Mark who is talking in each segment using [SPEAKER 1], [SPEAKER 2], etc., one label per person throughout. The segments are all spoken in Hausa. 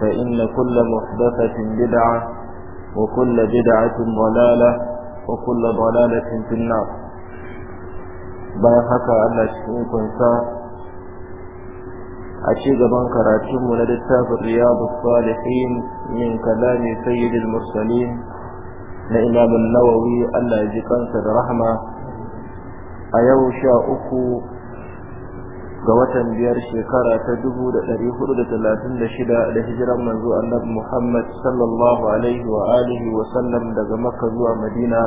[SPEAKER 1] فإن كل محدثة بدعة وكل بدعة ضلالة وكل ضلالة في النار بايحك أن شكوكم سا أشيغ بنكر أتم لدتاب الرياض الصالحين من كلام سيد المرسلين لإمام النووي ألا يجي كنسر رحمة أيوشا أكو ga watan biyar shekara ta dubu da ɗari hudu da talatin da shida da hijiran manzo annabi Muhammad sallallahu alaihi wa alihi wa sallam daga Makka zuwa Madina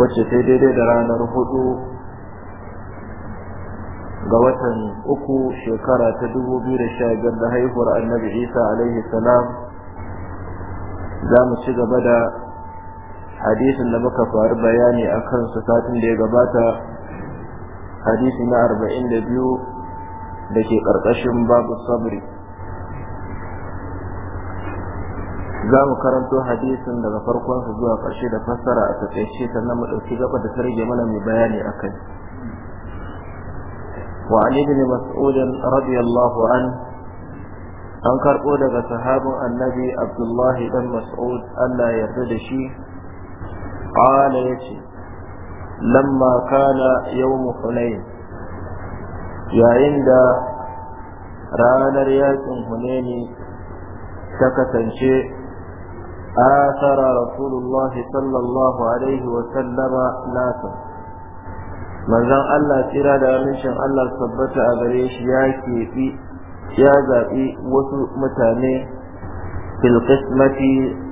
[SPEAKER 1] wacce ta daidai da ranar hudu ga watan uku shekara ta dubu biyu da sha biyar da haihuwar annabi Isa alaihi salam za mu ci gaba da hadisin da muka faru bayani a kan satin da ya gabata hadisi na arba'in da biyu da ke ƙarƙashin babu sabri za mu karanto hadisin daga farkonsa zuwa ƙarshe da fassara a taƙaice sannan mu ɗauki da targe mana mai bayani a kai وعن ابن مسعود رضي الله عنه an karɓo daga sahabin annabi abdullahi dan mas'ud Allah ya yarda da shi ƙala ya ce lamma kana yawmu hunain yayin da ranar yakin hunaini ta kasance asara rasulullahi sallallahu alaihi wa sallama nasa manzon Allah tsira da amincin Allah tabbata a gare shi ya keɓi zaɓi wasu mutane fil qismati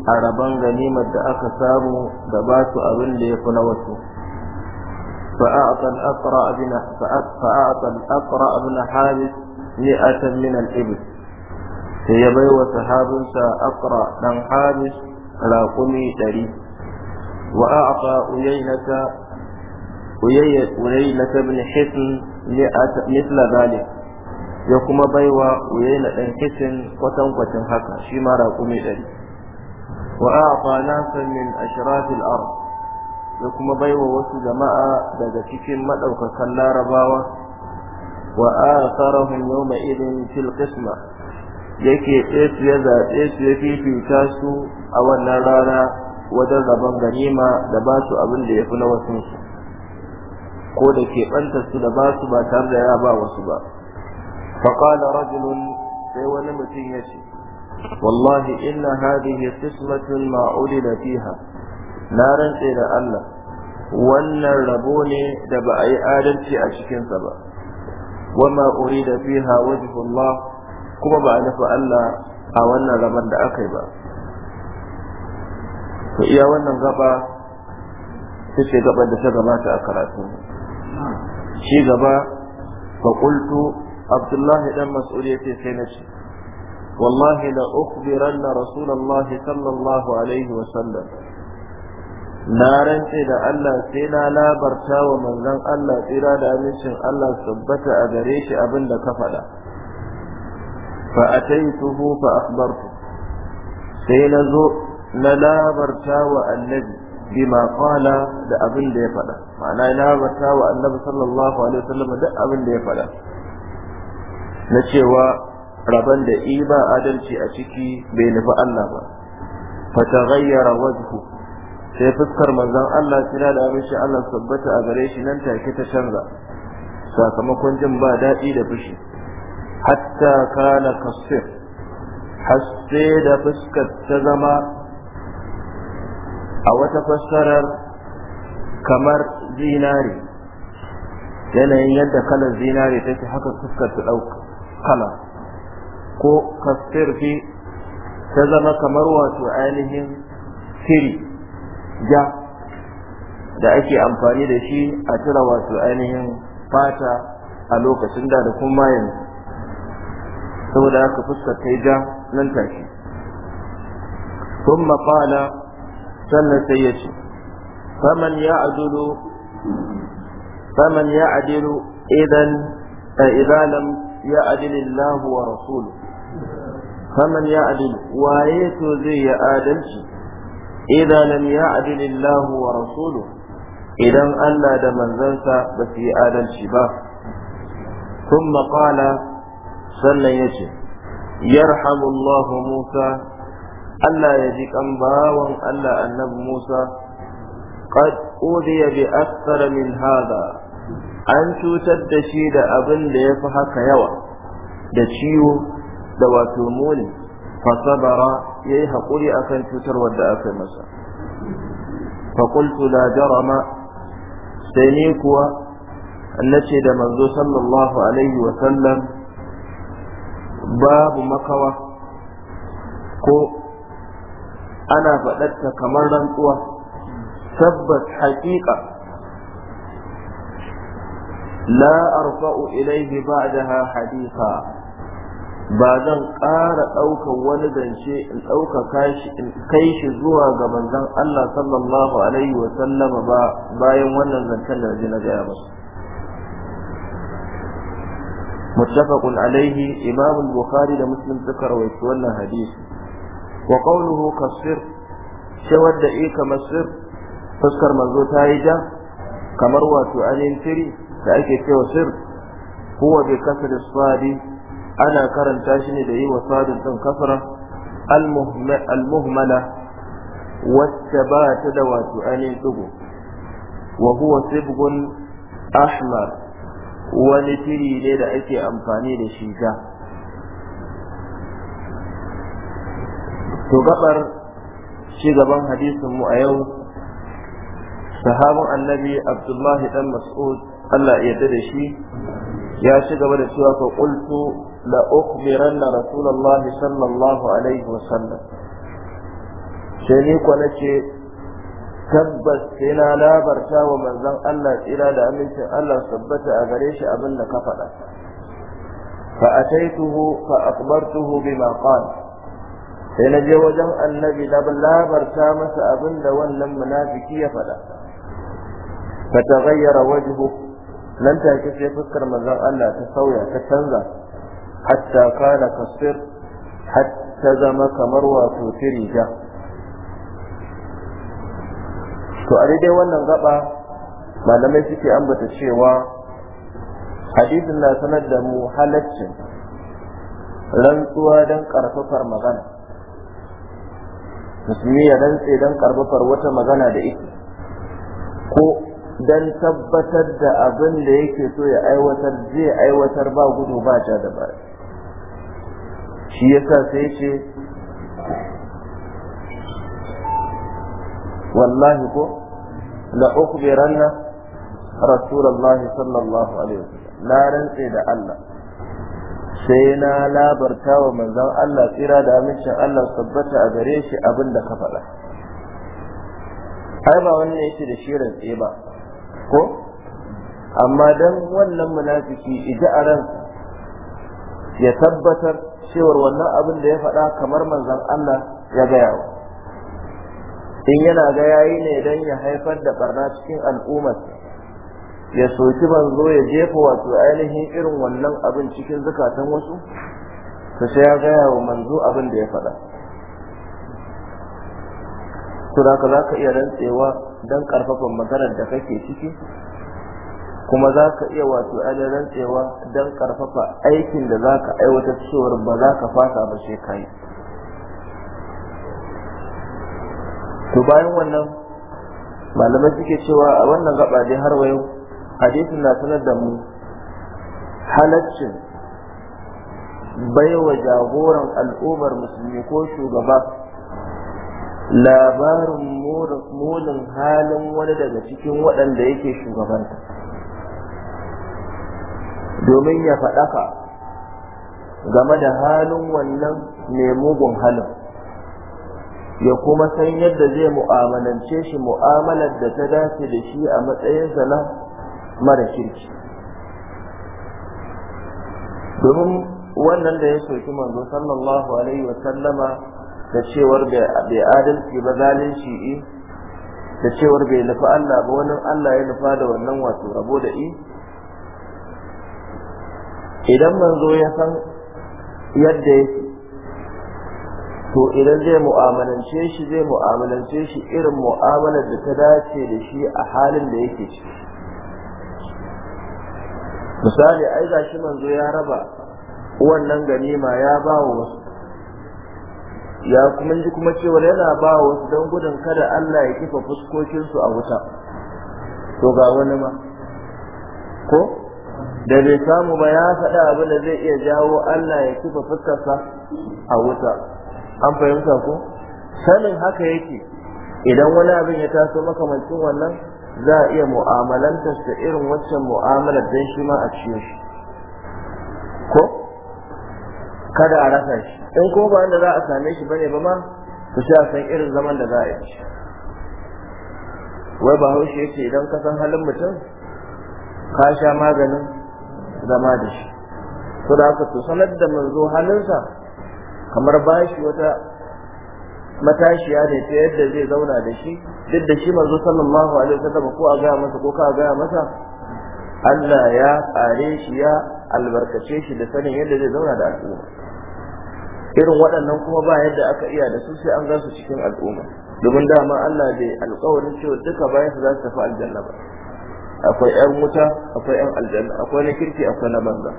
[SPEAKER 1] a rabon ganimar da aka samu da basu abin da ya fi na wasu فأعطى الأقرأ بن فأعطى الأقرأ بن حارث مئة من الإبل هي بيوة صحابنسا أقرأ بن حارث راقمي دري وأعطى أيينة أيينة بن حسن مئة مثل ذلك ya kuma baiwa uyaina ɗan kisin kwatankwacin haka shi ma raƙumi ɗari wa a fa nasan min ashrafil ard ya kuma baiwa wasu jama'a daga cikin madaukakan larabawa wa asarahum yawma idin fil qisma yake tsaye ya zaɓe su ya fifita su a wannan rana wajen rabon ganima da ba su abin da ya fi na wasu ko da keɓanta su da ba su ba tare da ya ba wasu ba faƙala rajulun sai wani mutum ya ce wallahi inna hadihi qismatun da fiha na rantse da Allah wannan rabo ne da ba a yi adalci a cikinsa ba Wannan wama urida fiha wajhullah kuma ba a nufi Allah a wannan rabon da aka yi ba to iya wannan gaba ta ce gaban da ta gabata a karatu shi gaba fa qultu Abdullahi dan Mas'ud yace sai na ce wallahi la ukhbiranna rasulullahi sallallahu alaihi wa sallam na rantse da Allah sai na labarta wa manzon Allah tsira da amincin Allah tabbata a gare shi abin da ka faɗa fa ataituhu fa akhbartu sai na zo na labarta wa annabi bima qala da abin da ya faɗa ma'ana na labarta wa annabi sallallahu alaihi wasallam da abin da ya faɗa na cewa rabon da iba adalci a ciki bai nufi Allah ba fa taghayyara wajhu sai fuskar manzon Allah kira da aminci Allah tabbata a gare shi nan take ta canza sakamakon jin ba daɗi da fushi hatta kana kasir hasse da fuskar ta zama a wata fassarar kamar zinari yanayin yadda kalar zinare take haka fuskar ta ɗauka kala ko kasir fi ta zama kamar wato ainihin siri ja da ake amfani da shi a cire wasu ainihin fata a lokacin da da kuma yin saboda aka fuskar yi ja nan tashi kuma fala sannan sai ya ce Saman ya adulu faman ya adilu idan a eh, idanan ya adilillahu wa rasulu Saman ya adilu waye to zai ya adalci idan ya ya'dil Allah wa rasuluhu idan Allah da manzansa ba su yi adalci ba thumma qala sannan yace yarhamu Allah Musa Allah ya ji kan Allah annabi Musa qad udiya bi akthara min hada an cutar da shi da abin da ya fi haka yawa da ciwo da wato muni fasabara ya yi haƙuri a kan cutarwar da aka yi masa faƙultu la jarama sai ni kuwa ce da manzo sallallahu alaihi wa sallam babu makawa ko ana faɗarta kamar rantsuwa tabbas haƙiƙa la arfa'u ilaihi ba'daha hadisa ba zan ƙara ɗaukan wani zance in ɗaukaka shi in kai shi zuwa ga manzan Allah sallallahu alaihi wa sallama ba bayan wannan zancen da na gaya ba muttafaqun alaihi imam buhari da muslim suka rawaito wannan hadisi wa qawluhu kasir sai wadda e eh kamar fuskar manzo ta yi ja kamar wato anin tiri da ake cewa sir huwa bi kasri sadi ana karanta shi ne da yi wa sadin ɗin kasara almuhmala wacce ba ta da wato ainihin ɗigo wa huwa sibgun ahmar wani tiri ne da ake amfani da shi ja to gabar shi gaban hadisin mu a yau sahabin annabi abdullahi dan mas'ud Allah ya yarda da shi ya ci gaba da cewa fa qultu لأخبرن رسول الله صلى الله عليه وسلم شريك ونشي tabbas sai na labarta wa manzon Allah tsira da amincin Allah sabbata a gare shi abin da ka faɗa fa ataituhu fa akhbartuhu bima qala sai na je wajen annabi na labarta masa abin da wannan munafiki ya faɗa fa taghayyara wajhu nan take sai fuskar manzon Allah ta sauya ta canza hatta kana kasir hatta zama kamar wato tirija to a daidai wannan gaba malamai suke ambata cewa hadisin na sanar da mu halaccin rantsuwa don karfafar magana musulmi ya rantse don karfafar wata magana da ita ko don tabbatar da abin da yake so ya aiwatar zai aiwatar ba gudu ba ja da baya shi yasa sai ce wallahi ko la ukhbiranna rasulullahi sallallahu alaihi wasallam na rantse da Allah sai na labarta wa manzon Allah tsira da amincin Allah tabbata a gare shi abin ka faɗa ai ba wannan yake da shi rantse ba ko amma dan wannan munafiki idan a ya tabbatar cewar wannan abin da ya faɗa kamar manzan Allah ya gaya wa in yana ga yayi ne dan ya haifar da barna cikin al'ummar ya soki manzo ya jefa wato ainihin irin wannan abin cikin zakatan wasu to sai ya gaya wa manzo abin da ya faɗa to da ka za iya rantsewa don ƙarfafa maganar da kake ciki kuma za ka iya wato ainihin rantsewa don karfafa aikin da za ka aiwatar cewar ba za ka fasa ba sai ka to bayan wannan malamai suke cewa a wannan gaba dai har wayo hadisin na sanar da mu halaccin baiwa jagoran al'ummar musulmi ko shugaba labarin molin halin wani daga cikin waɗanda yake shugabanta domin ya faɗaka game da halin wannan mai mugun halin ya kuma san yadda zai mu'amalance shi mu'amalar da ta dace da shi a matsayinsa na mara kirki domin wannan da ya soki manzo sallallahu alaihi wa sallama da cewar bai adalci ba zalunci da cewar bai nufi Allah ba wani Allah ya nufa da wannan wato rabo da i idan manzo ya san yadda yake to idan zai mu'amalance shi zai mu'amalance shi irin mu'amalar da ta dace da shi a halin da yake ciki misali ai ga shi manzo ya raba wannan ganima ya ba wa wasu ya kuma ji kuma cewa yana ba wa wasu don gudun kada Allah ya kifa fuskokinsu a wuta to ga wani ma ko da bai samu ba ya faɗa abin da zai iya jawo Allah ya kifa fuskarsa a wuta an fahimta ko sanin haka yake idan wani abin ya taso makamancin wannan za a iya mu'amalantar da irin waccan mu'amalar dan shi ma a ciyo shi ko kada a rasa shi in ko ba wanda za a same shi bane ba ma ku sai a san irin zaman da za a yi wai bahaushe yake idan ka san halin mutum ka sha maganin zama da shi to da haka sanar da manzo halinsa kamar bashi wata matashiya ne ta yadda zai zauna da shi duk da shi manzo sallallahu alaihi wasallam ko a gaya masa ko ka gaya masa Allah ya kare shi ya albarkace shi da sanin yadda zai zauna da al'umma irin waɗannan kuma ba yadda aka iya da su sai an su cikin al'umma domin dama Allah bai alƙawarin cewa duka bayan su za su tafi aljanna ba akwai yan wuta akwai yan aljanna akwai na kirki akwai na banza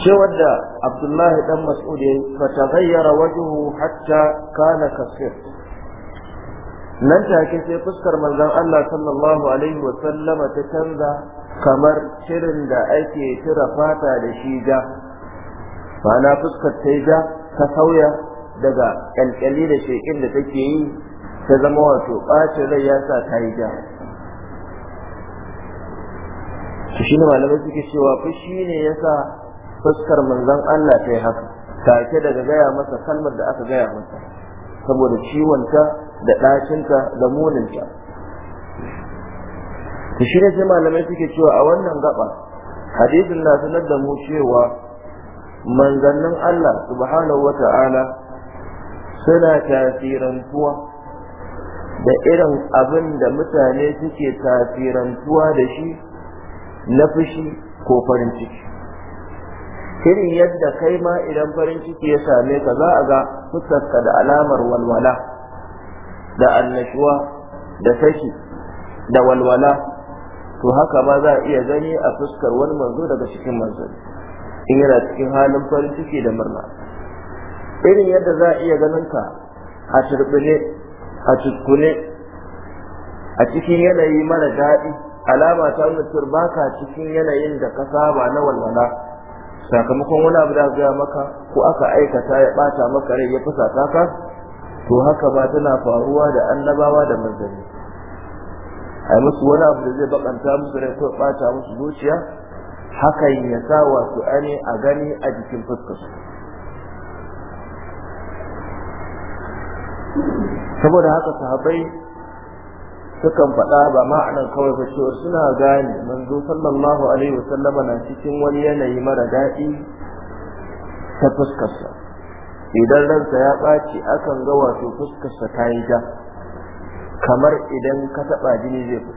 [SPEAKER 1] cewar wadda abdullahi dan mas'ud ya fata gayyara wajuhu hatta kana kasir nan take sai fuskar manzon Allah sallallahu alaihi wa sallama ta canza kamar shirin da ake tira fata da shi ja ma'ana fuskar ta ja ta sauya daga kyalkyali da shekin da take yi ta zama wato ɓacin rai ya sa ta yi ta. shi shi ne malamai suke cewa shi ne ya sa fuskar manzon Allah ta yi haka take daga gaya masa kalmar da aka gaya masa saboda ciwonta da ɗacinta da muninta ta shi ne sai malamai suke cewa a wannan gaba hadisin na sanar da mu cewa manzannin Allah subhanahu wa ta'ala suna tasirantuwa da irin abin da mutane suke tafirantuwa da shi na fushi ko farin ciki irin yadda kai ma idan farin ciki ya same ka za a ga fuskarka da alamar walwala da annashuwa da sashi da walwala to haka ma za a iya gani a fuskar wani manzo daga cikin manzo in yana cikin halin farin ciki da murna irin yadda za a iya ganin ka a turbine a tuskune a cikin yanayi mara daɗi alama ta nuna baka cikin yanayin da ka saba na walwala sakamakon wani abu da gaya maka ko aka aikata ya ɓata maka rai ya fusa ka to haka ba tana faruwa da annabawa da manzanni a musu wani abu da zai bakanta musu rai ko ɓata musu zuciya hakan ya sa wasu ane a gani a jikin fuskarsu saboda haka sahabbai sukan faɗa ba ma'anar kawai ba cewa suna gane manzo sallallahu alaihi wa sallama na cikin wani yanayi mara daɗi ta fuskarsa idan ransa ya ɓaci akan ga wato fuskarsa ta yi ja kamar idan ka taɓa jini zai fi.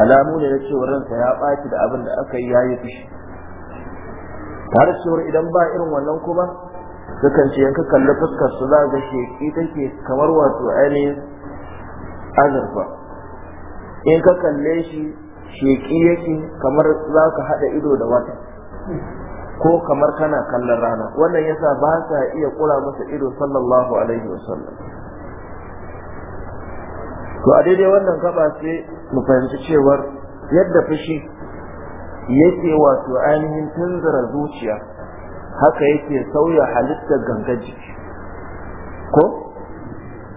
[SPEAKER 1] alamu ne na cewa ransa ya ɓaci da abin da aka yi ya yi fushi tare cewar idan ba irin wannan kuma sukan ce yanka kalli fuskar su za ga sheki take kamar wato ainihin azurfa in ka kalle shi sheki yake kamar za ka haɗa ido da wata ko kamar kana kallon rana wannan yasa ba sa iya kura masa ido sallallahu alaihi wasallam to a daidai wannan gaba sai mu fahimci cewar yadda fushi yake wato ainihin tunzura zuciya haka yake sauya halittar gangar jiki ko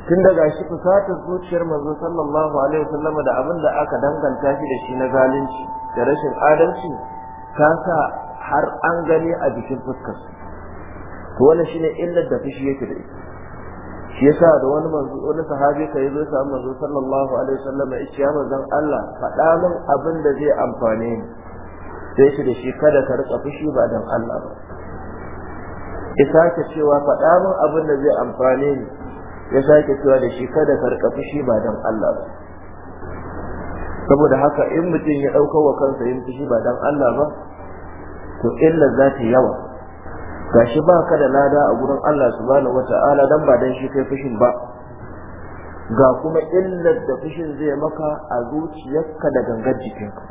[SPEAKER 1] tun daga shi fusatar zuciyar manzo sallallahu alaihi wasallam da abin da aka danganta shi da shi na zalunci da rashin adalci ta sa har an gani a jikin fuskar to shi ne illar da fushi yake da ita shi yasa da wani manzo wani sahabi ka yi zo samu manzo sallallahu alaihi wasallam ya ce ya manzon Allah faɗa min abin da zai amfane ni sai shi da shi kada ka rika fushi ba dan Allah ba ya sake cewa faɗa min abin da zai amfane ni ya sake cewa da shi kada karkafi shi ba dan Allah ba saboda haka in mutum ya ɗaukar wa kansa yin fushi ba dan Allah ba to illa za ta yawa gashi ba ka da lada a gurin Allah subhanahu wata'ala dan ba dan shi kai fushin ba ga kuma illar da fushin zai maka a zuciyarka da gangar jikinka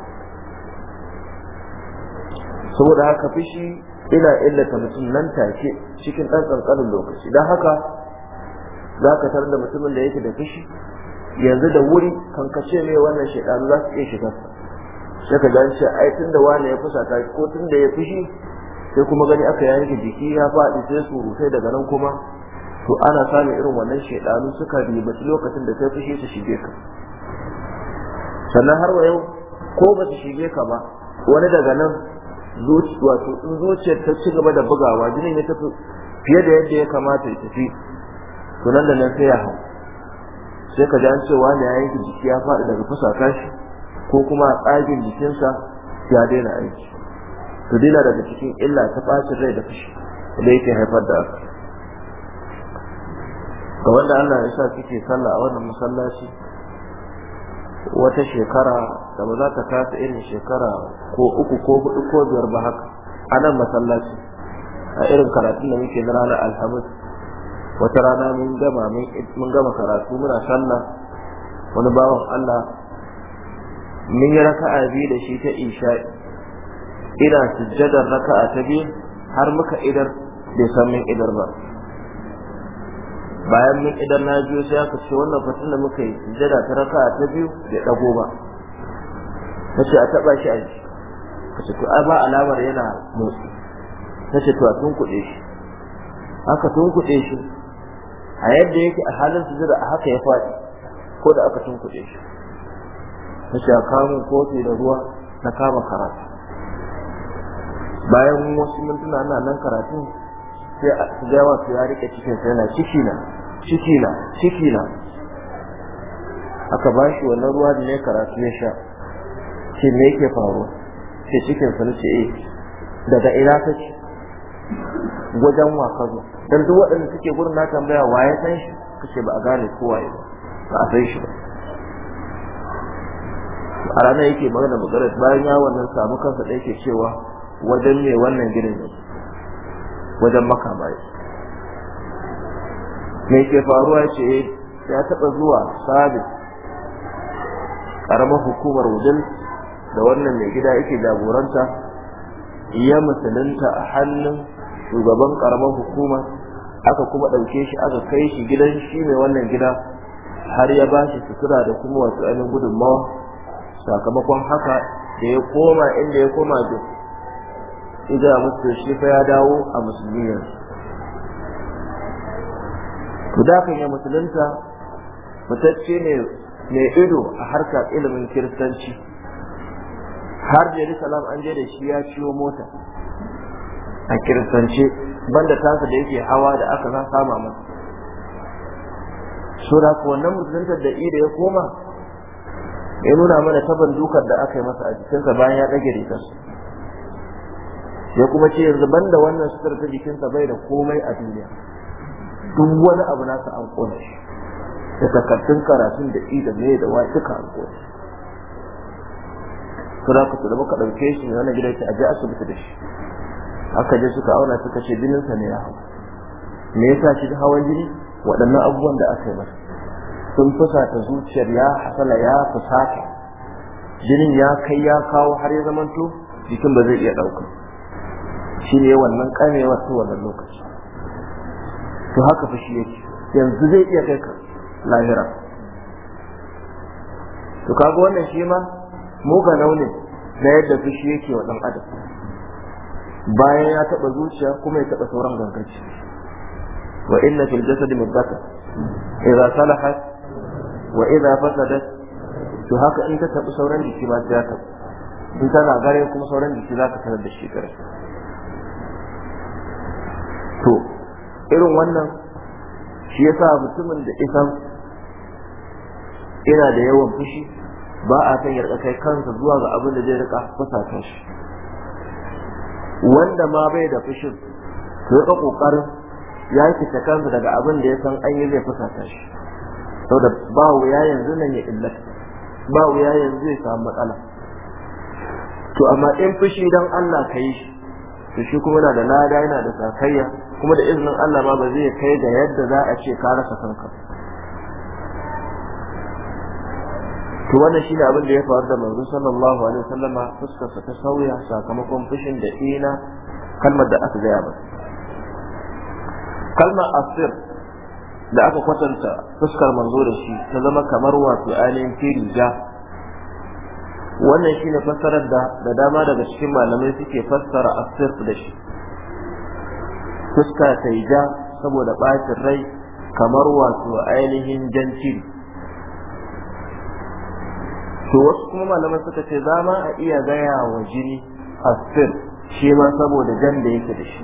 [SPEAKER 1] saboda haka fushi ina illata mutum nan take cikin ɗan ƙanƙanin lokaci don haka za ka da mutumin da yake da fushi yanzu da wuri kan kankace mai wannan shekaru za su iya shiga sai ka gani ai tun da wani ya fusa ta ko tun da ya fushi sai kuma gani aka yanke jiki ya faɗi sai surutai daga nan kuma to ana samun irin wannan shekaru suka ribaci lokacin da kai fushi su shige ka sannan har wa yau ko ba su shige ka ba wani daga nan wato in zuciyar ta ci gaba da bugawa jinin ya tafi fiye da yadda ya kamata ya tafi to da nan sai ya hau sai ka jan cewa ne ya yanke jiki ya faɗi daga fasa kashi, ko kuma tsagin jikinsa ya daina aiki to dina daga cikin illa ta ɓacin rai da fushi da yake haifar da haka ga wanda Allah ya sa suke sallah a wannan masallaci wata shekara da ba za ta kasa irin shekara ko uku ko hudu ko biyar ba haka a nan masallaci a irin karatun da muke na ranar alhamis wata rana mun gama mun gama karatu muna sallah wani bawan Allah mun yi raka'a biyu da shi ta isha'i ina sujjadar raka'a ta biyu har muka idar bai san min idar ba bayan min idar na biyu sai aka ce wannan fatin da muka yi sujjada ta raka'a ta biyu bai dago ba na a taɓa shi a ji ka to a ba alamar yana motsi na to a tunkuɗe shi aka tunkuɗe shi a yadda yake a halin sujada a haka ya faɗi ko da aka tunkuɗe shi na a kamun kofi da ruwa na kama karatu bayan wasu mintuna ana nan karatun sai a gawa su ya riƙe cikin sai na cikina cikina cikina aka ba shi wannan ruwa da ne karatu ya sha ce me yake faru ce cikin sa nace eh daga ina kake wajen wa zo dan duk waɗanda suke gurin na tambaya waye san shi kace ba a gane ko waye ba a san shi ba a ranar yake magana magana bayan ya wannan samu kansa da ke cewa wajen ne wannan gidan ne wajen maka bayan me ke faruwa ce eh, ya taɓa zuwa sabis ƙaramar hukumar wajen da wannan mai gida yake jagoranta ya musulunta a hannun shugaban karamar hukuma aka kuma ɗauke shi aka kai shi gidan shi mai wannan gida har ya ba shi sutura da kuma wasu ainihin gudunmawa sakamakon haka da ya koma inda ya koma da ida musu shi ya dawo a Musulmiyar. Ku to ya musulunta mutacce ne mai ido a harkar ilimin kiristanci har da salam an je da shi ya ciwo mota a kiristance banda tasa da yake hawa da aka za sama masa so da wannan musulunta da ida ya koma ya nuna mana taban dukar da aka yi masa a jikinsa bayan ya ɗage rigar. ya kuma ce yanzu banda wannan sutar ta jikinsa bai da komai a duniya duk wani abu nasa an shi da takardun karatun da ida ne da wa duka an su za ka ka ɗauke shi ne wannan gida ta aje asibiti da shi aka je suka auna suka ce jininsa ne ya hau me yasa shi da hawan jini waɗannan abubuwan da aka yi masa sun fusata zuciyar ya hasala ya fusata jinin ya kai ya kawo har ya zamanto jikin ba zai iya ɗauka shi ne wannan ƙamewar ta wannan lokaci to haka fushi ce yanzu zai iya kai ka lahira to kaga wannan shi ma muganau launin na yadda fushi yake wa ɗan adam bayan ya taɓa zuciya kuma ya taɓa sauran gangarci wa inna fil jasad mudghatan idza salaha wa idza fasada to haka in ta taɓa sauran jiki ba za ka in tana gare kuma sauran jiki za ka tarar da shi gare to irin wannan shi yasa mutumin da isan ina da yawan fushi ba a san yarda kai kansa zuwa ga abin da zai rika fasata shi wanda ma bai da fushin to ya kokarin ya fita kansa daga abin da ya san an yi zai fasata shi saboda ba wuya yanzu nan ya illata ba wuya yanzu ya samu matsala to amma in fushi dan Allah ka yi shi to shi kuma yana da lada yana da sakayya kuma da izinin Allah ma ba zai kai da yadda za a ce ka rasa kanka to wannan shine abin da ya faru da manzo sallallahu alaihi wasallama fuskar ta sauya sakamakon fushin da ina kalmar da aka gaya ba. kalmar asir da aka kwatanta fuskar manzo da shi ta zama kamar wato ainihin firiga wannan shine fassarar da da dama daga cikin malamai suke fassara asir da shi fuska ta yi ja saboda bacin rai kamar wato ainihin jan ciri to wasu kuma malaman suka ce za ma a iya gaya wa jini asir shi ma saboda jan da yake da shi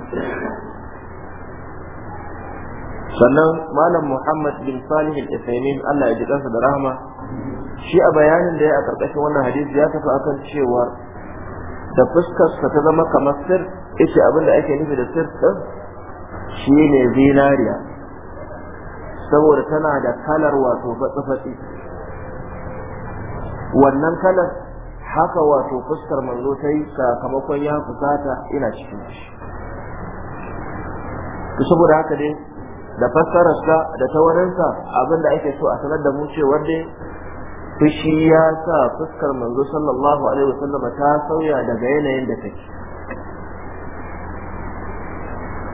[SPEAKER 1] sannan malam muhammad bin salih al allah ya ji kansa da rahama shi a bayanin da ya a karkashin wannan hadisi ya tafi akan cewa da fuskarsa ta zama kamar sir ita abin da ake nufi da sir din shi ne zinariya saboda tana da kalar wato fatsi-fatsi wannan kalan haka wato fuskar manzo ta yi sakamakon ya fusata ina cikin shi saboda haka dai da fassararsa da tawarinsa abinda ake so a sanar da mu cewar dai fushi ya sa fuskar manzo sallallahu alaihi wasallam ta sauya daga yanayin da take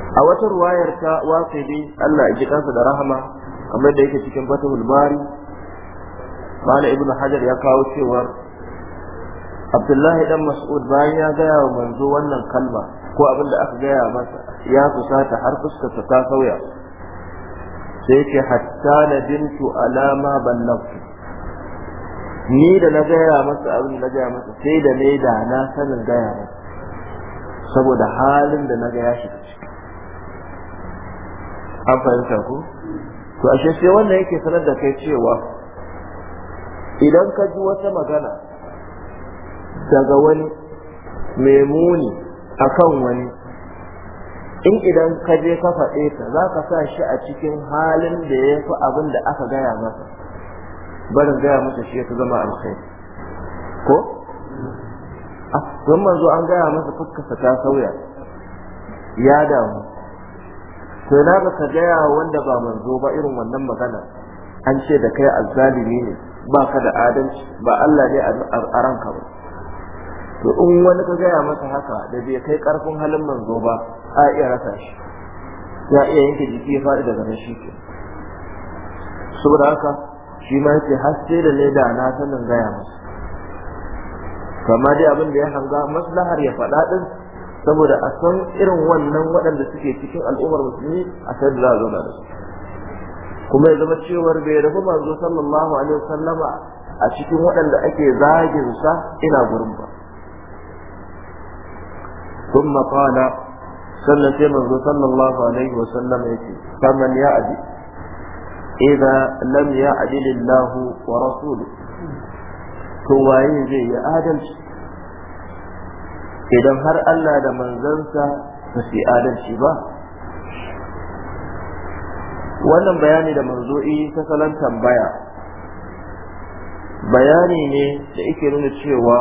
[SPEAKER 1] a wata ruwayar ta waqidi Allah ya ji kansa da rahama kamar da yake cikin fatahul bari malam ibnu hajar ya kawo cewa abdullahi dan mas'ud bayan ya gaya wa manzo wannan kalma ko abin da aka gaya masa ya fusata har fuskarsa ta sauya sai ke hatta na bintu alama ballagtu ni da na gaya masa abin da na gaya masa sai da ne da na sanin gaya masa saboda halin da na gaya shi an fahimta ku? to ashe sai wannan yake sanar da kai cewa idan ka ji wata magana daga wani mai muni kan wani in idan ka je ka faɗe ta za ka sa shi a cikin halin da ya fi abin da aka gaya masa barin gaya masa shi ya fi zama alkhairi ko a ah, sun manzo an gaya masa fuskarsa ta sauya ya damu Sai na ka gaya wanda ba manzo ba irin wannan magana an ce da kai alzalimi ne ba ka da adalci ba Allah ne a ranka ba to in wani ka gaya masa haka da bai kai karfin halin manzo ba a iya rasa shi ya iya yanke jiki ya faɗi daga nan shi ke saboda haka shi ma yake haske da ne da na sanin gaya masa kamar dai abin da ya hanga maslahar ya faɗa ɗin saboda a san irin wannan waɗanda suke cikin al'ummar musulmi a san da za a zauna da su kuma ya zama cewar bai rabu manzo sallallahu alaihi wasallama a cikin waɗanda ake zagin sa ina gurin ba ثم قال sannan sai manzo sallallahu alaihi wa sallam yace faman ya adi idza lam ya adi lillahi wa rasuli to waye zai yi adalci idan har Allah da manzansa ba su adalci ba wannan bayani da manzo'i ta salon tambaya bayani ne da yake nuna cewa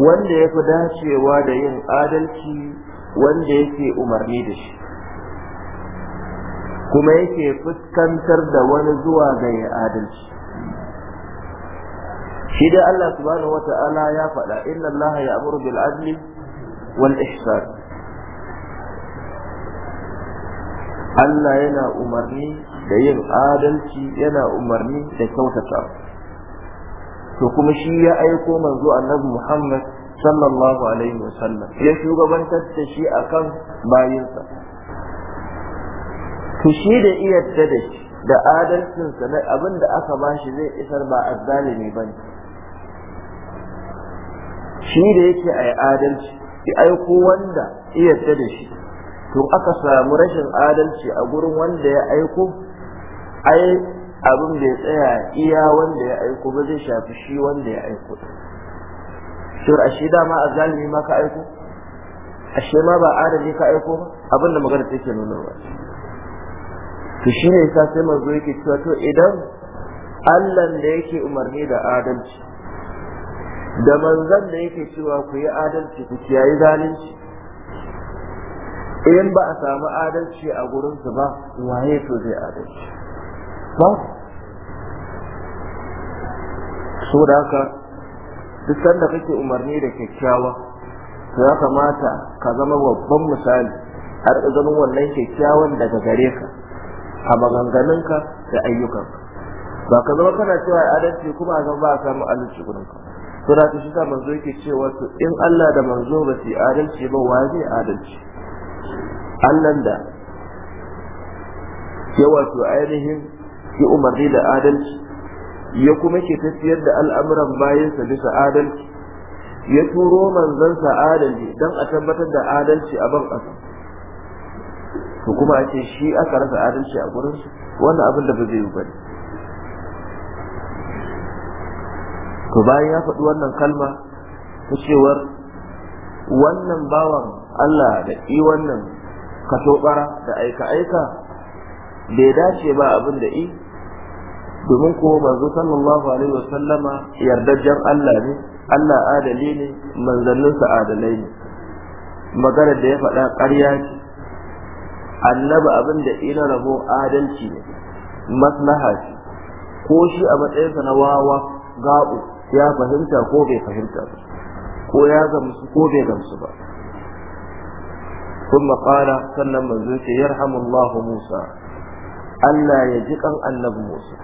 [SPEAKER 1] wanda ya fi dacewa da yin adalci wanda yake umarni da shi kuma yake fuskantar da wani zuwa ga yin adalci shi dai Allah subhanahu ta'ala ya faɗa inna Allah ya amuru bil adli wal ihsan Allah yana umarni da yin adalci yana umarni da kyautata to kuma shi ya aiko manzo annabi Muhammad sallallahu alaihi wasallam ya shugabantar da shi akan bayinsa to shi da iya da shi da adalcinsa na abin da aka bashi zai isar ba azzalimi bane shi da yake ai adalci ya aiko wanda iya da shi to aka samu rashin adalci a gurin wanda ya aiko ai abin bai tsaya iya wanda ya aiko ba zai shafi shi wanda ya aiko To a shi dama a zalimi ma ka aiko A shi ma ba adali ka aiko ba da magana take nuna ba to shi ne yasa sai manzo yake cewa to idan Allah da yake umarni da adalci da manzon da yake cewa ku yi adalci ku kiyaye zalunci in ba a samu adalci a gurinsu ba waye to zai adalci ba so da haka duk sanda kake umarni da kyakkyawa to ya kamata ka zama babban misali har ka zama wannan kyakkyawan daga gare ka a maganganunka da ayyukanka ba ka zama kana cewa adalci kuma a ba a samu adalci gurinka to da ta shi ta manzo yake cewa to in Allah da manzo ba su adalci ba wa zai adalci allan da ya wato ainihin ya umarni da adalci ya kuma ke tafiyar da al'amuran bayansa bisa adalci ya turo manzansa adalci don a tabbatar da adalci a ban ƙasa to kuma a ce shi aka rasa adalci a gurinsu wannan abin da ba zai yi ba ne. to bayan ya faɗi wannan kalma ta cewar wannan bawan Allah da i wannan katobara da aika-aika bai dace ba abin da i domin ko manzo sallallahu alaihi wasallama jan Allah ne Allah adali ne manzanninsa adalai ne maganar da ya faɗa ƙarya ce annaba abin da ina rabo adalci ne maslaha ce ko shi a matsayinsa na wawa gaɓu ya fahimta ko bai fahimta ba ko ya gamsu ko bai gamsu ba ثم قال صلى الله يرحم الله موسى ألا يجيك النبي موسى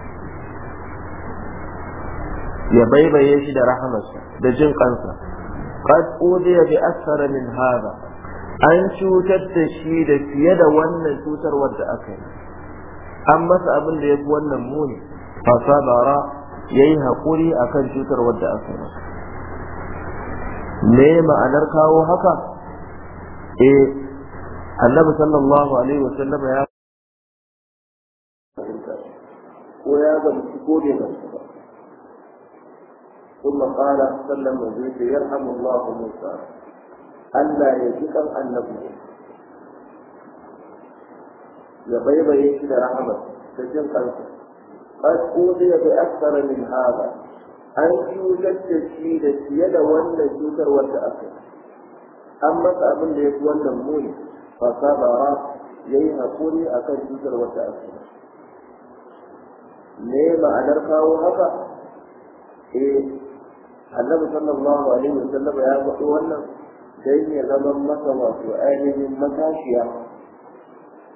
[SPEAKER 1] ya baibaye shi da rahamarsa da jin kansa qad udiya bi akthara min hada an cutar da shi da fiye da wannan cutarwar da aka yi an masa abin da fi wannan muni fa sabara yayi hakuri akan cutarwar da aka yi ma'anar kawo haka eh النبي صلى الله عليه وسلم يا ويا بالسكون ثم قال صلى الله عليه يرحم الله موسى لا يذكر النبي يبيض يشد رحمه تجل قلبه قد أوذي بأكثر من هذا أن يوجد تشديد يد ولا شوكر ولا أكثر أما أبن ولا نموني fasabara yayi a kan cutar wata asiri me ma'anar kawo haka e annabi sallallahu alaihi sallam ya faɗo wannan dai ya zama masa wato ainihin matashiya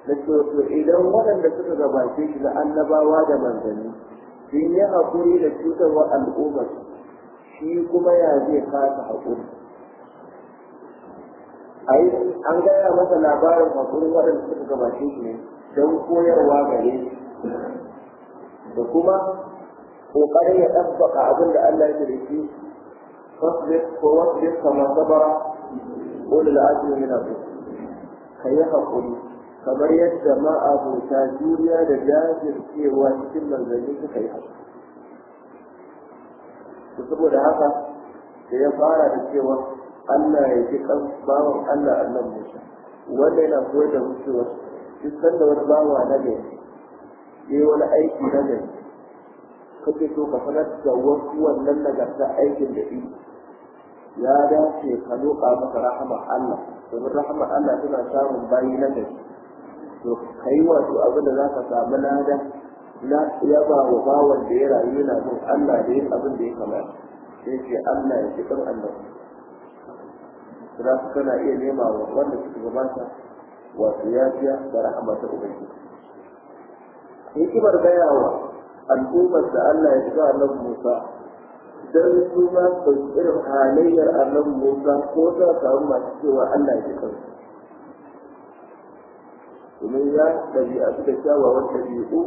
[SPEAKER 1] da to idan waɗanda suka gabace shi na annabawa da manzanni sun yi hakuri da cutarwa al'ummar shi kuma ya zai kasa haƙuri. yi an gaya masa labarin hakuri waɗanda suka gabace shi ne don koyarwa gare da kuma ƙoƙarin ya ɗabbaka abin da Allah ya da shi ko wasu kamar sabara ko da la'ajin min abu ka yi haƙuri kamar yadda ma'abuta juriya da jajircewa cikin manzanni suka yi haƙuri saboda haka da ya fara da cewa Allah ya ji kan bawan Allah Allah Musa wanda yana koyar da musu wasu duk sanda wani bawa na gari ne wani aiki na gari kake so ka sanar da wasu wannan nagarta aikin da yi ya dace ka loka maka rahama Allah domin rahama Allah tana samun bayi na gari to kai wato abin da za ka samu lada na yaba wa bawan da ya rayu yana bin Allah da yin abin da ya kamata sai ce Allah ya ji kan annabi za su kana iya nema wa wanda suka gabata wato yafiya da rahama ta ubangiji hikimar gaya wa al'ummar da Allah ya shiga annabi Musa dan su ma su irin halayyar nan Musa ko za su samu masu cewa Allah ya shiga domin ya ɗabi'atu da kyawawan ɗabi'u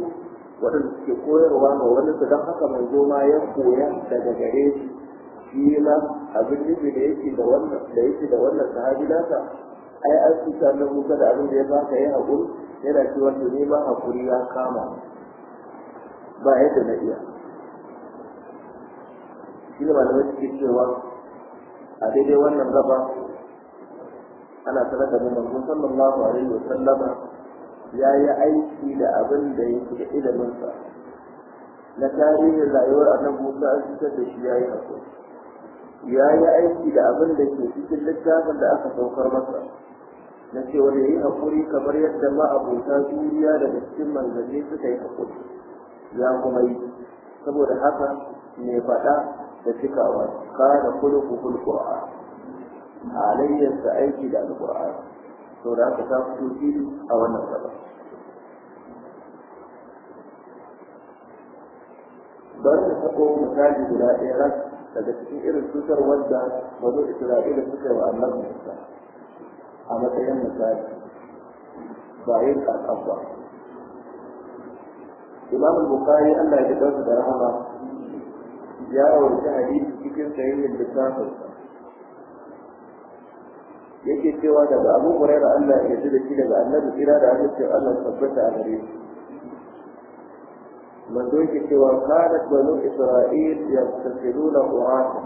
[SPEAKER 1] waɗanda suke koyarwa ma wani su don haka mai zo ya koya daga gare shi shi abin nufi da yake da wannan da yake da wannan sahabi nasa ai an ta na musa da abin da ya baka ya haƙuri yana cewa to ne ma haƙuri ya kama ba yadda na iya shi ne malamai suke cewa a daidai wannan gaba ana sanar da manzon sallallahu alaihi wa sallama ya yi aiki da abin da yake da ilimin sa na tarihin rayuwar annabi Musa an fitar da shi yayi hakuri ya yi aiki da abin da ke cikin littafin da aka saukar masa na cewa ya yi haƙuri kamar yadda abota juriya da cikin manzanni suka yi haƙuri ya kuma yi saboda haka mai faɗa da cikawa kana kulku kulku a halayyarsa aiki da al'ƙura'a sau da aka ta fito fili a wannan gaba bari da taɓo misali guda ɗaya daga cikin irin cutar wanda bazo isra'ila suka yi wa annabi musa a matsayin misali ba yi kakan ba imam bukhari allah ya dauka da rahama ya rawaita hadisi cikin sahihin littafin yake cewa daga abu hurairah allah ya ji da shi daga annabi kira da hadisin allah ya tabbata a gare shi manzo yake cewa kanat banu isra'il yaqtasiluna qur'ana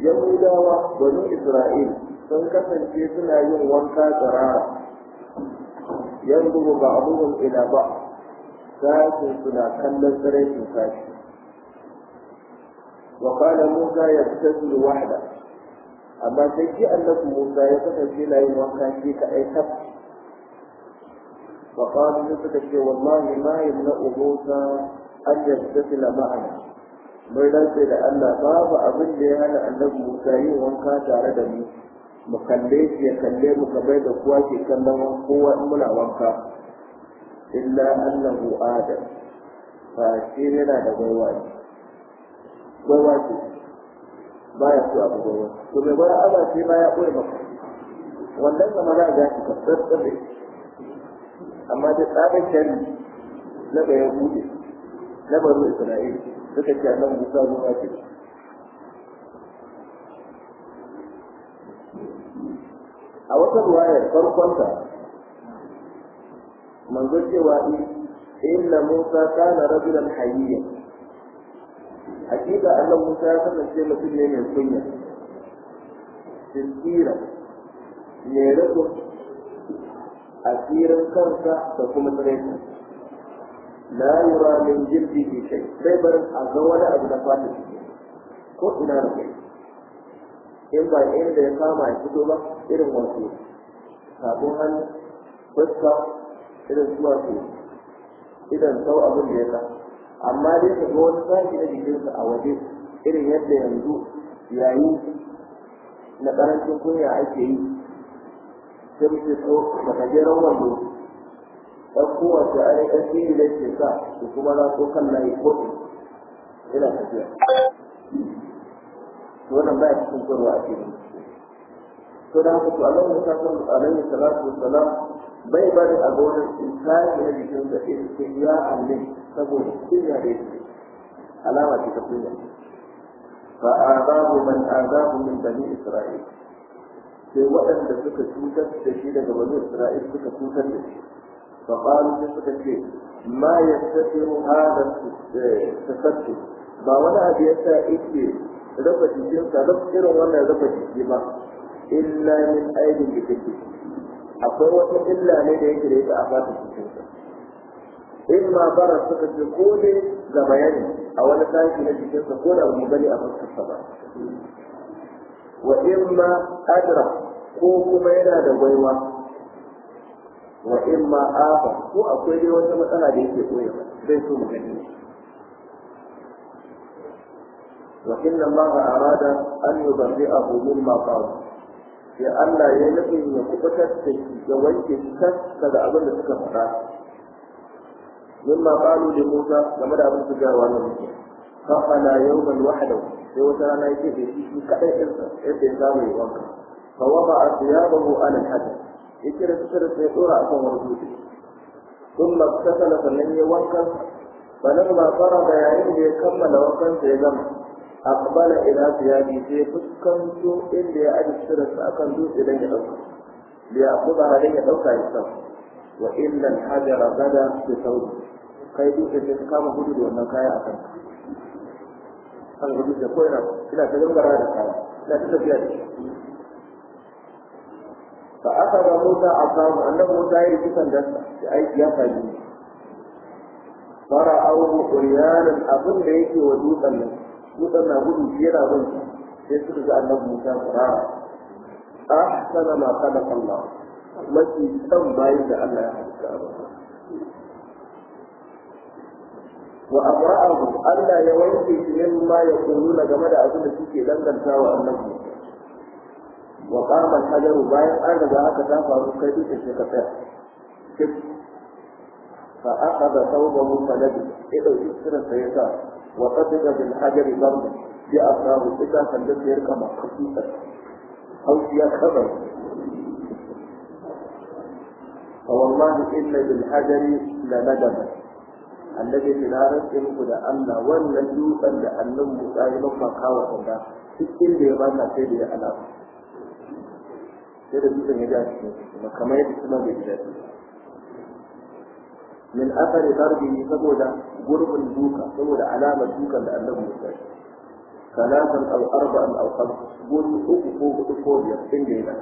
[SPEAKER 1] yahudawa banu isra'il sun kasance suna yin wanka tsarara yanzu ba abubuwan ila ba sashin suna kallon tsirrai sashi وقال موسى يغتسل وحده أما سيدي أنك موسى يغتسل لا يمكن فيك أي حق فقالوا نفسك والله ما يمنع موسى أن يستسل معنا mai dace da Allah babu abin da ya hana annabi Musa yin wanka tare da mu mu kalle ya kalle mu kamar da kuwa ke kallon kowa in muna wanka illa annahu adam fa shi yana da baiwa ne so abu gobe. to me bara Allah shi ma ya koyi maka wannan zama za a ga ta ka amma da tsabar shari na bayan hudu na baro isra'ila suka ce annabi musa ruwa ce a wata ruwayar farkonta manzo cewa inna musa kana rajulan hayyiya hakika annabi musa ya kasance mutum ne mai kunya tsira mai rikon asirin kansa da kuma tsirrai la yura min ke shay sai bar a ga wani abu da fata ko ina da kai in ba in da ya kama ya fito ba irin wato sabon hannu fuska irin su wato idan sau abin da ya ka amma dai ka ga wani sashi na jikinsa a waje irin yadda yanzu yayi na karancin kunya ake yi sai so da kajeran wando ɗan kowace a ɗan ƙarfi da ke sa su kuma na so kan layi ko ina tafiya to ba a cikin kwarwa a cikin to da haka to Allah ya sa kan alaihi salatu wassalam bai bari a gonar insani da jikin da ke cikin ya annin saboda kunya da yake alama ce ta kunya fa azabu man azabu min bani isra'ila sai waɗanda suka cutar da shi daga bani isra'il suka cutar da shi fa qalu sai suka ce ma yastatiru hada tasattu ba wani abu yasa yake raba jikin sa raba irin wannan raba jiki ba illa min aidin da take akwai wata illa ne da yake da ita a fatan jikin sa in ma bara suka ce ko dai ga bayani a wani tashi na jikin sa ko da wani bari a fuskar sa ba wa in ma adra ko kuma yana da gwaiwa wa in ma afa ko akwai dai wata matsala da yake koya zai so mu gani wa inna allaha arada an yubarri'ahu ma qala Ya Allah ya nufi ya kubutar da shi ya wanke shi daga abin da suka faɗa ma qalu da Musa game da abin da suka wa Musa fa qala yawman wahdahu sai wata rana yake da shi kadai ɗinsa yadda ya samu wanka فوضع ثيابه على الحجر يكره تشرف يدور أكون وجوده ثم اغتسل فلن يوكل فلما فرض يعين يكمل وكل في جمع أقبل إلى ثيابي في فسكنت إلا أجد شرف أكن دوس إليه أوكل ليأخذها عليه أوكل يستوى وإلا الحجر بدا بثوبه kai duk da ta kama gudu da wannan kaya a kan kan gudu da koyar ina ta gangara da kaya ina ta tafiya da shi fa aka ga Musa a samu annabi Musa ya yi sandarsa da aiki ya faɗi fara auhu ƙuryanin abin da yake wa dutsen nan dutsen na gudu shi yana bin sai suka ga annabi Musa fara ahsana ma khalaqa Allah mafi san bayin da Allah ya halitta ba wa abra'ahu Allah ya wanke shi mimma yaquluna game da abin da suke dangantawa annabi وقام الحجر بين أن جاءك تنفع الكبير في الشكفاء كيف فأخذ ثوبه فلجد إذا إيه يكسر السيطة إيه وقدد بالحجر ضمن في أسراب الثقة فلجد يركم خصيصا أو في خبر فوالله إلا بالحجر لنجم الذي في نارك يمكن أن ولا يوفا لأنه مساهم فقاوة الله في كل ما نتبه على يدى بيثن يجاهد ما كما يدى السماء بيجاهد من أثر ضربه سبودا قرب الزوكا سبودا علامة زوكا لأنه مستاشر ثلاثا أو أربعا أو خلق سبود أوك فوق أفوديا إن جيدا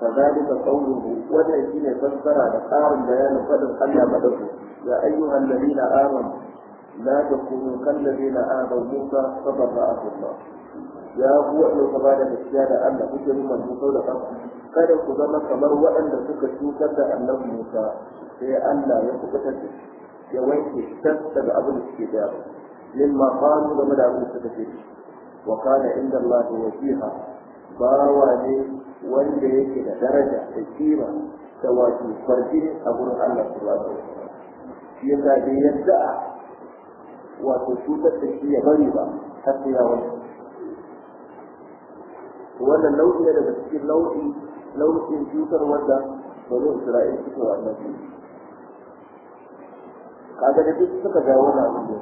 [SPEAKER 1] فذلك قوله ودى الدين يتذكر على قار البيان وقدر قلع مدده يا أيها الذين آمنوا لا تكونوا كالذين آمنوا موسى فبرأه الله ya ku waɗanda ka ba da gaskiya da Allah kuke yi manzo sau da kanku kada ku zama kamar waɗanda suka cutar da annabi Musa sai Allah ya kubutar da ya wanke tas daga abin da suke da mimma qalu game da abin da suka ce wa kana inda Allah wasiha bawa ne wanda yake da daraja da kima da wato farjini a gurin Allah subhanahu wa ta'ala shi yasa bai yadda wato cutar da shi ya bari ba har sai ya wanke wannan nau'i ne daga cikin nau'i nau'in cutar wanda bani isra'il suke wa annabi kaga da duk suka jawo wannan abin da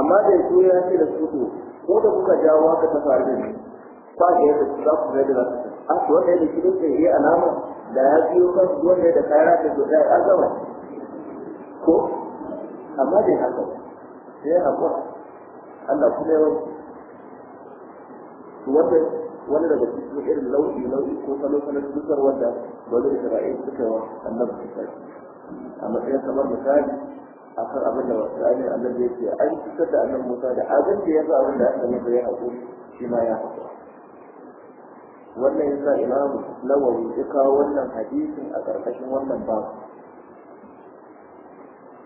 [SPEAKER 1] amma da yanzu ya ce da su to ko da kuka jawo haka ta faru ne ba da yadda za ku ga da su a to wanda ya shi dukkan ya alama da ya biyo kan wanda da kayan da zo da ya ko amma dai haka sai ya haƙura Allah kuma yawan wannan wani daga cikin irin lauki lauki ko salo salo dukkan wanda bani isra'il suka wa annabi misali a matsayin kamar misali a kan abin da wasu ainihin annabi ya ce an cutar da annabi musa da abin da ya sa abin da aka masa ya haƙuri shi ma ya haƙura wannan ya sa imam nawawi ya kawo wannan hadisin a ƙarƙashin wannan babu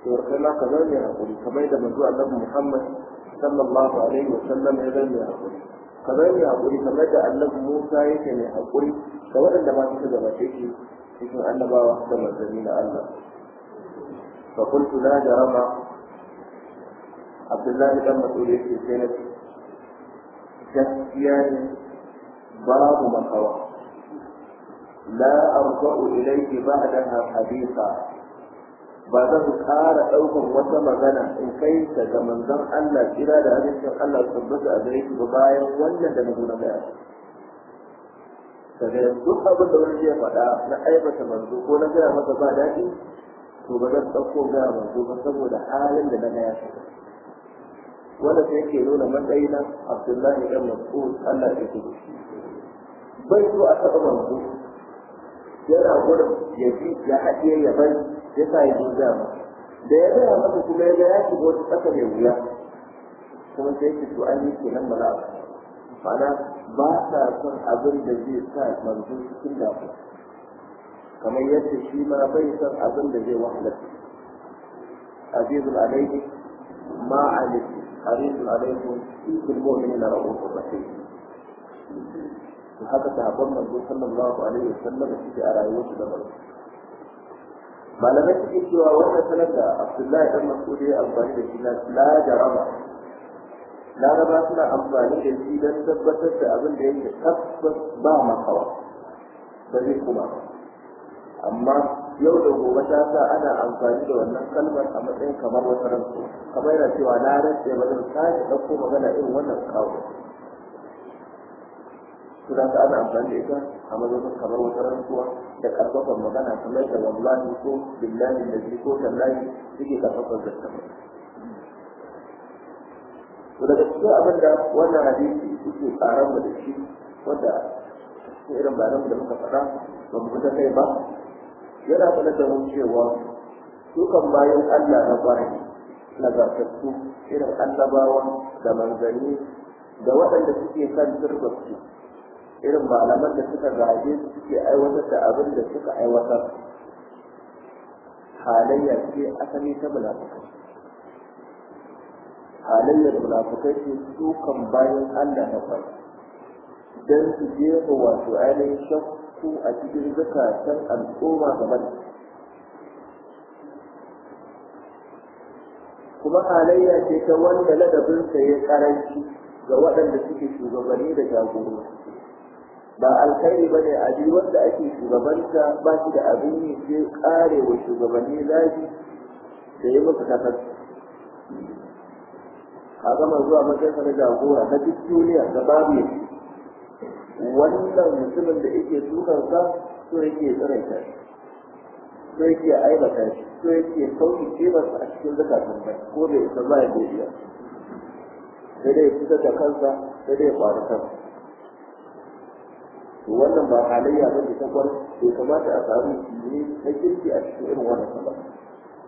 [SPEAKER 1] to kai ma ka zaune haƙuri kamar da manzo annabi muhammad sallallahu alaihi wa sallam ya zaune haƙuri kamar ya haƙuri kamar da Allah musa yake mai hakuri da ba ma da gabace shi cikin annabawa da manzanni na allah fa kuntu la jarama abdullahi dan mas'ud yake cewa na gaskiya ne babu makawa la arqa ilayki ba'daha haditha ba zan ƙara daukan wata magana in kai ta ga manzon Allah kira da hadisin Allah tabbata a gare shi bayan wannan da nuna ba. daga duk abin da wani ya faɗa na aibata manzo ko na gaya masa ba daɗi to ba zan ɗauko gaya manzo ba saboda halin da na gaya shi wanda sai yake nuna na Abdullahi ɗan Mas'ud Allah ya kudu bai zo a taɓa manzo yana gudun ya ji ya haɗe ya bari ya sa ya ji gaya da ya gaya masa kuma ya ga ya shiga wata ƙasa mai wuya kuma sai ya to an yi kenan ba za a ba sa son abin da zai sa manzo cikin damuwa kamar yadda shi ma bai son abin da zai wahalar azizul alaihi ma alaihi azizul alaihi ikul mu'minina ra'ufur rahim haka sahabban manzo sallallahu alaihi wasallam suke a rayuwarsu da manzo malamai suke cewa wannan sanar da abdullahi dan masudi ya amfani da shi na la laraba suna amfani da shi don tabbatar da abin da yake tabbas ba makawa ba zai kuma amma yau da gobe ta sa ana amfani da wannan kalmar a matsayin kamar wata rantsu kamar yana cewa na rantse ba sa sake ɗauko magana irin wannan kawo su ta ana amfani da ita a mazaunin kamar wata rantsuwa da karfafan magana kamar da wallahi ko billahi da ko tallahi suke karfafan zattama to daga cikin abin da wannan hadisi suke tsaron mu da shi wanda su irin bayanan da muka faɗa ba mu fita kai ba yana faɗa da mun cewa dukan bayan Allah na bayi zartattu irin annabawa da manzanni da waɗanda suke kan turbarsu irin malaman da suka gaje su suke aiwatar da abin da suka aiwatar halayya ce asali ta munafukai halayyar munafukai ce sukan bayan Allah na kwai don su jefa wato ainihin shakku a cikin zukatan al'umma game da kuma halayya ce ta wanda ladabinsa ya karanci ga waɗanda suke shugabanni da jagorori ba alkhairi ba ne abi wanda ake shugabanta ba shi da abin yi ke kare wa shugabanni zafi da yi maka takar a gama zuwa majalisa na jagora na duk duniya da babu yake wannan mutumin da yake tukansa so yake tsananta shi so yake aibata shi so yake sauki kebarsa a cikin zakatun bai ko bai isa ba ya godiya sai dai fitar da kansa sai dai ya to wannan ba halayya ba ne takwar bai kamata a samu ne na kirki a cikin irin wannan ba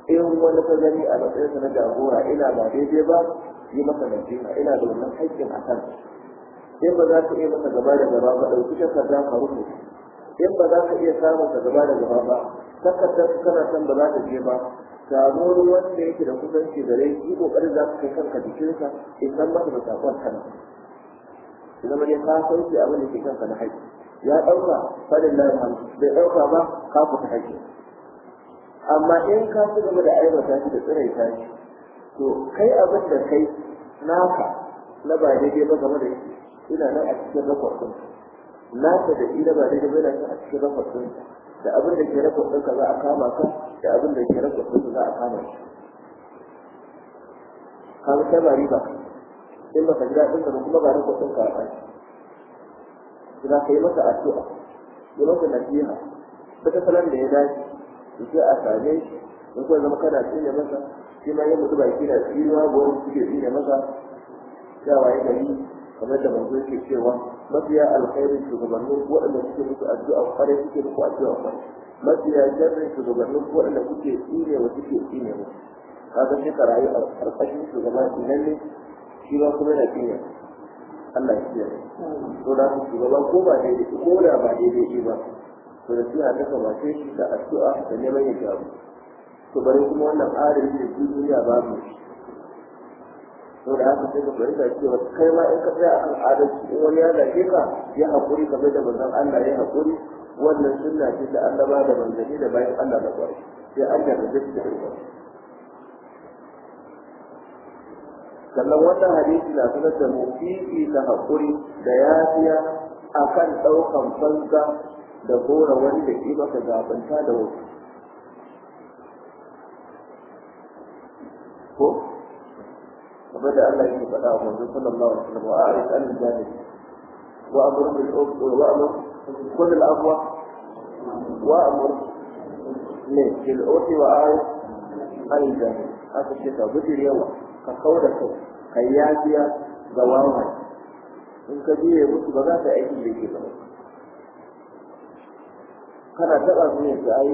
[SPEAKER 1] in wani ka gani a matsayinsa na jagora ina ba daidai ba yi masa nasiha ina da wannan haƙƙin a kan in ba za ka iya masa gaba da gaba ba ɗauki takarda ka rubuta in ba za ka iya samun ka gaba da gaba ba takardar kana san ba za ka je ba samu wani wanda yake da kusanci da rai yi ƙoƙarin za ka kai kanka jikinsa in san masa da saƙon kana zama ne ka sauke abin da ke kanka na haƙƙi ya ɗauka fadin nan bai ɗauka ba ka ta hakki amma in ka ci gaba da aibata shi da ta shi to kai abin da kai naka na ba daidai ba game da shi ina nan a cikin rakwatin naka da ina ba daidai ba nan a cikin rakwatin da abin da ke rakwatin ka za a kama ka da abin da ke rakwatin ka za a kama shi ka ga kai ba riba in ba ka ji daɗin ka kuma ba rakwatin ka a kuma ka yi masa addu'a yi masa nasiha ta kasalan da ya dace ya ce a same shi ya kuma zama kana tsine masa shi ma ya mutu baki da tsinuwa gowar suke tsine masa yawa ya gari kamar da manzo yake cewa mafiya alkhairin shugabannin waɗanda suke musu addu'a kwarai suke muku addu'a kwarai mafiya sharrin shugabannin waɗanda kuke tsine wa suke tsine musu kaga sai ka rayu a ƙarƙashin shugaba idan ne shi ba kuma na tsine Allah ya siya to da su shugaban ko ba daidai ko da ba daidai shi ba to da haka ta kamace shi da addu'a da neman ya gyaru to bari kuma wannan adalci da duniya babu shi to da haka sai ka bari da cewa kai ma in ka tsaya akan adalci in wani ya zage ka ya haƙuri kamar da manzon Allah ya haƙuri wannan sunna ce da Allah ba da manzanni da bayan Allah da kwari sai an Allah ka jaddada ita sannan wannan hadisi na sanar da mu fifi na haƙuri da yafiya akan ɗaukan fanka da gora wanda da ke maka gabanta da wasu ko kamar da Allah yake faɗa wa manzo sallallahu alaihi wasallam wa a'rid an jahil wa amr bil urf wa bi kulli al aqwa wa amr ne bil urf wa a'rid an jahil haka shi ka gudu yawa ka kau da kai ka yafiya ga wawan in ka biye musu ba za ka aiki da ke ba kana taɓa su ne su ai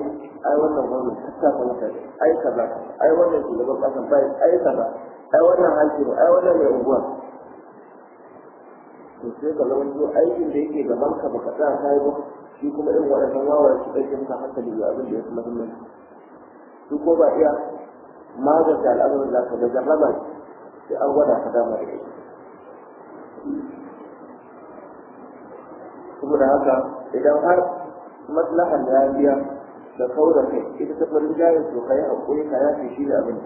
[SPEAKER 1] ai wannan wannan tattafa mutane ai kaza ai wannan shugaban ƙasan bai ai kaza ai wannan hakimu ai wannan mai unguwa to sai ka zama to aikin da yake gaban ka baka tsaya kai ba shi kuma irin waɗannan wawaye su ɗauke maka hankali ga abin da ya fi muhimmanci su ko ba iya magance al'amuran da ka da jarraba sai an gwada ka dama da shi saboda haka idan har maslahan lafiya da kauda kai ita ta farin jayin to kai haƙuri ka yafi shi da abin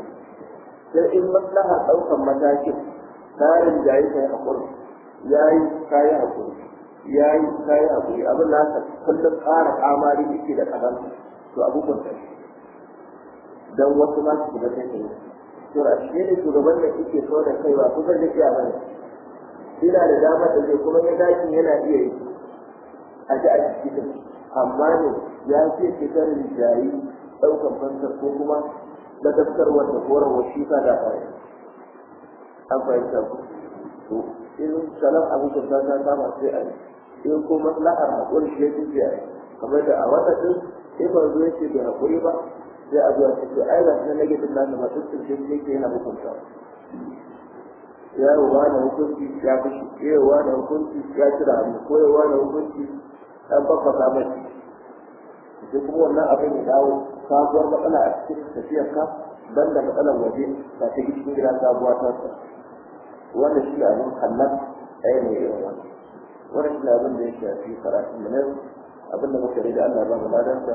[SPEAKER 1] sai in maslahar ɗaukan matakin tarin jayi kai hakuri yayi kai hakuri yayi kai haƙuri, abin da haka kullum ƙara kamari yake da kadan to abubuwan kai don wasu masu su shiga yi to a cikin ne shugaban da kike so da kaiwa kusa da iya bane ina da dama da zai kuma ya dakin yana iya yi a ji a cikin amma ne ya ce shekarun jayi ɗaukar fansa ko kuma na daftarwar koran wasu wasiƙa da fara an fahimta ku to in salam abu ta ta kama sai a yi. in ko maslahar haƙuri shi ya tafiya kamar da a wata ɗin sai ba zuwa ce bai haƙuri ba sai a zuwa su ai ga na nage din nan masu tsinke ne ke yana hukunta yarowa da hukunci ya shi. yarowa da hukunci ya cira hannu ko da hukunci ya baka samar Duk kuma wannan abin ya dawo sabuwar matsala a cikin tafiyar ka ban da matsalar waje ba ta gishin gida sabuwa ta sa wanda shi ne abin kallon ɗaya ne irin wannan wannan shi ne abin da ya shafi karatun mu ne abin da muka da Allah ba mu ladansa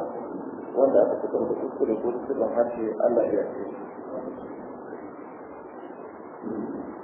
[SPEAKER 1] wanda aka fitar da kuskure ko kuskuren harshe Allah ya ce